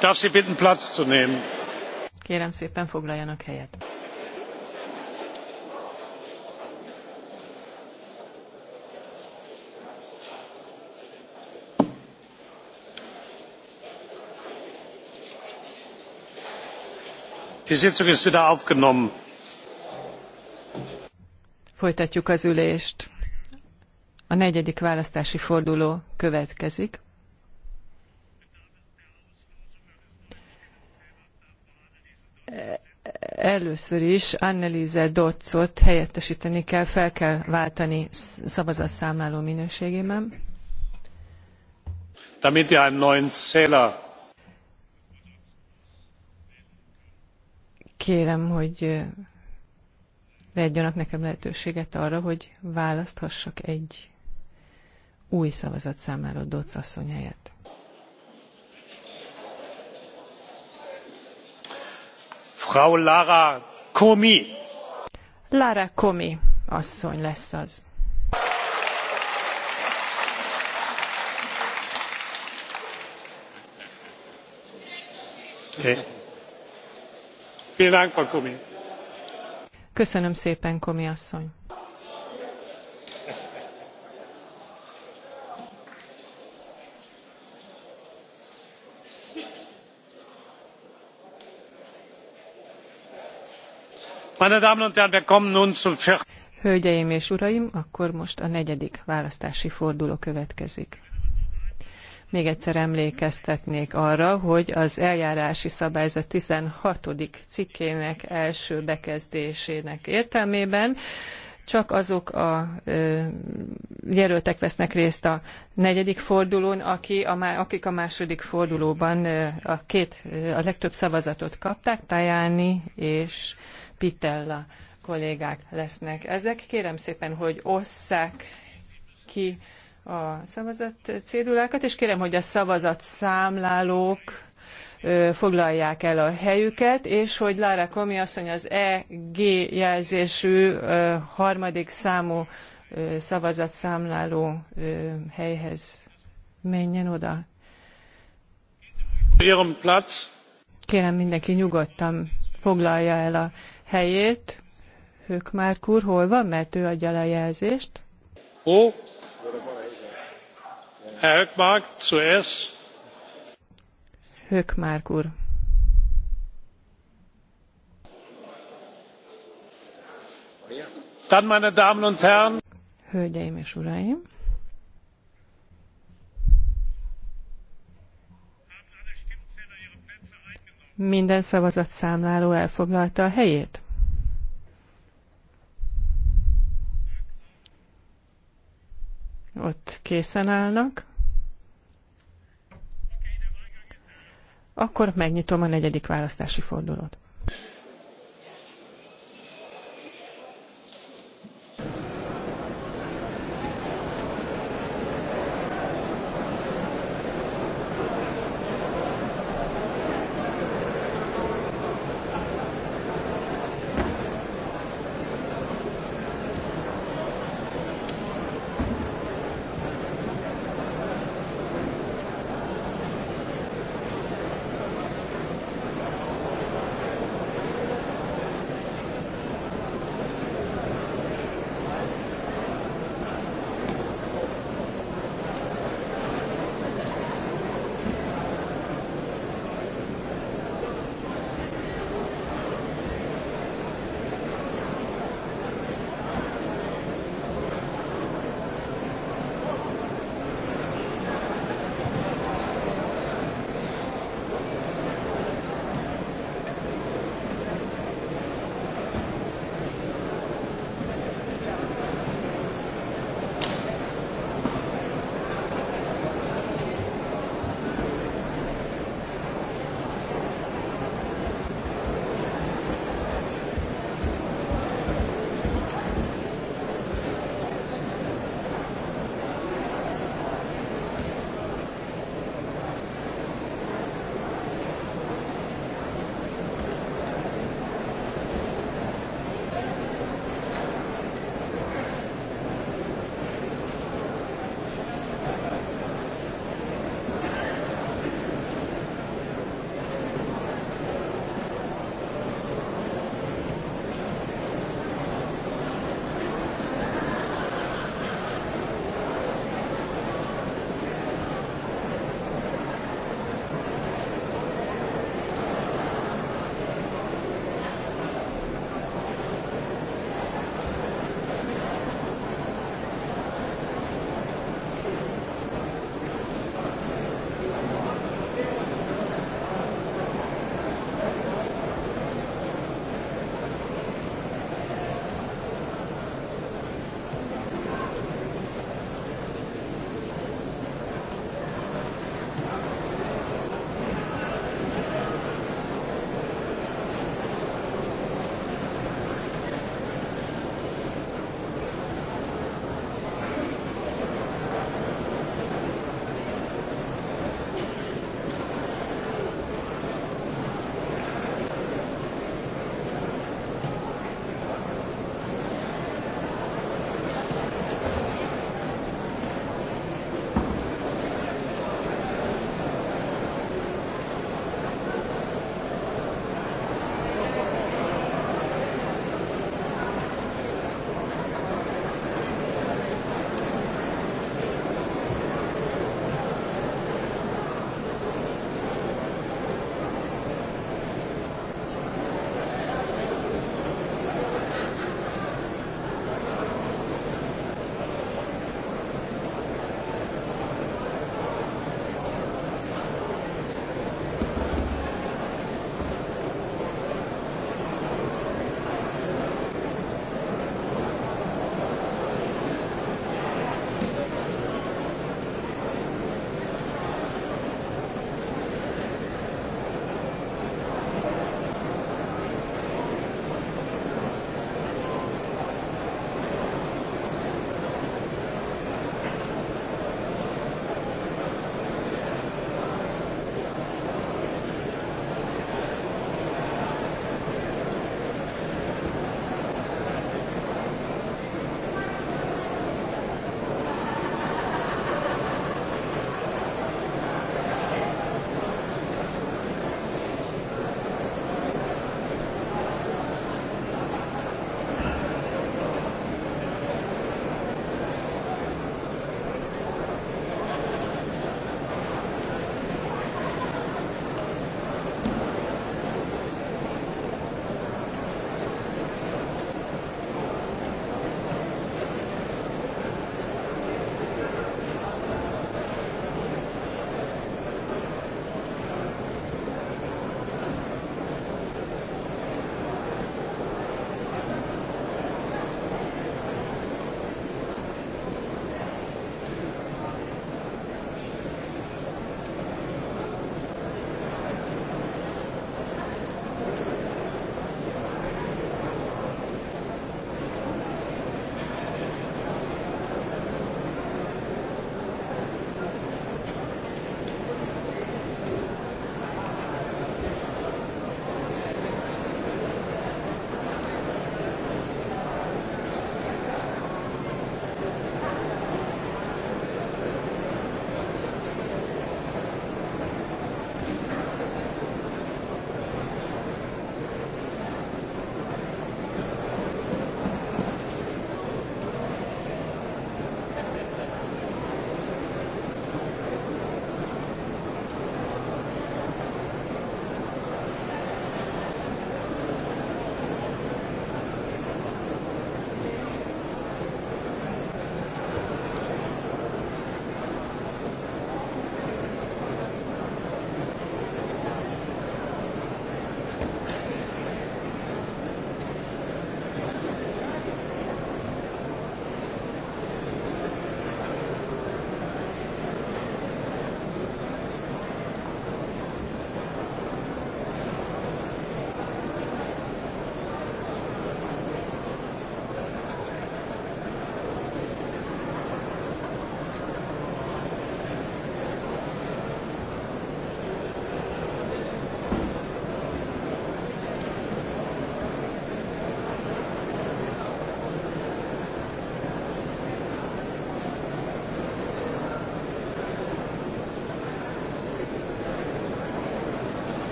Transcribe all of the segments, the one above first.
darf sie bitten platz zu nehmen. kérem szépen foglaljanak helyet. die sitzung ist wieder aufgenommen. folytatjuk az ülést. a negyedik választási forduló következik. először is Anneliese Dotzot helyettesíteni kell, fel kell váltani szavazatszámláló minőségében. Damit ihr einen neuen Zähler kérem, hogy adjanak nekem lehetőséget arra, hogy választhassak egy új szavazatszámláló Dodds asszony helyett. Frau Lara Komi. Lara Komi asszony lesz az. Komi. Köszönöm szépen, Komi asszony. Hölgyeim és uraim, akkor most a negyedik választási forduló következik. Még egyszer emlékeztetnék arra, hogy az eljárási szabályzat 16. cikkének első bekezdésének értelmében csak azok a ö, jelöltek vesznek részt a negyedik fordulón, aki a, akik a második fordulóban ö, a, két, ö, a legtöbb szavazatot kapták, Tajáni és Pitella kollégák lesznek ezek. Kérem szépen, hogy osszák ki a szavazat cédulákat, és kérem, hogy a szavazat számlálók foglalják el a helyüket, és hogy Lára Komi asszony az EG jelzésű harmadik számú szavazatszámláló helyhez menjen oda. Kérem mindenki nyugodtan foglalja el a helyét. már kur, hol van, mert ő adja le a jelzést. Ó, Herr Hökmark, zuerst. Hökmark úr. Dann, meine Damen und Herren. Hölgyeim és uraim. minden szavazatszámláló elfoglalta a helyét? Ott készen állnak. Akkor megnyitom a negyedik választási fordulót.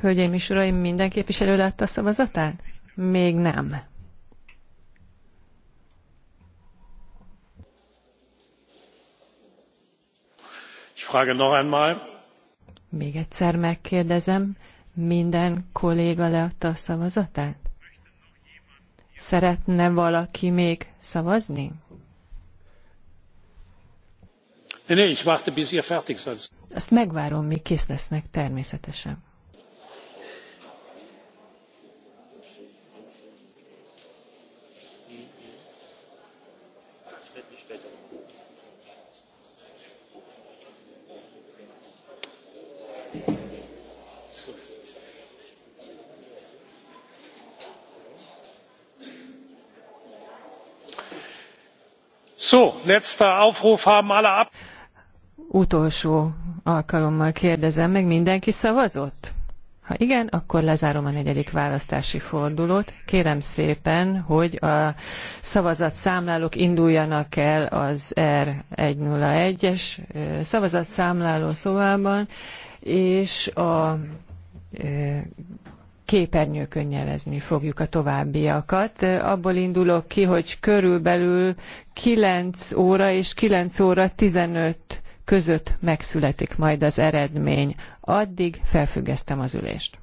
Hölgyeim és uraim, minden képviselő látta a szavazatát? Még nem. Még egyszer megkérdezem, minden kolléga leadta a szavazatát? Szeretne valaki még szavazni? Ezt megvárom, míg kész lesznek természetesen. So, letzter Aufruf haben alle ab utolsó alkalommal kérdezem meg, mindenki szavazott? Ha igen, akkor lezárom a negyedik választási fordulót. Kérem szépen, hogy a szavazatszámlálók induljanak el az R101-es szavazatszámláló szobában, és a képernyőkön jelezni fogjuk a továbbiakat. Abból indulok ki, hogy körülbelül 9 óra és 9 óra 15 között megszületik majd az eredmény. Addig felfüggesztem az ülést.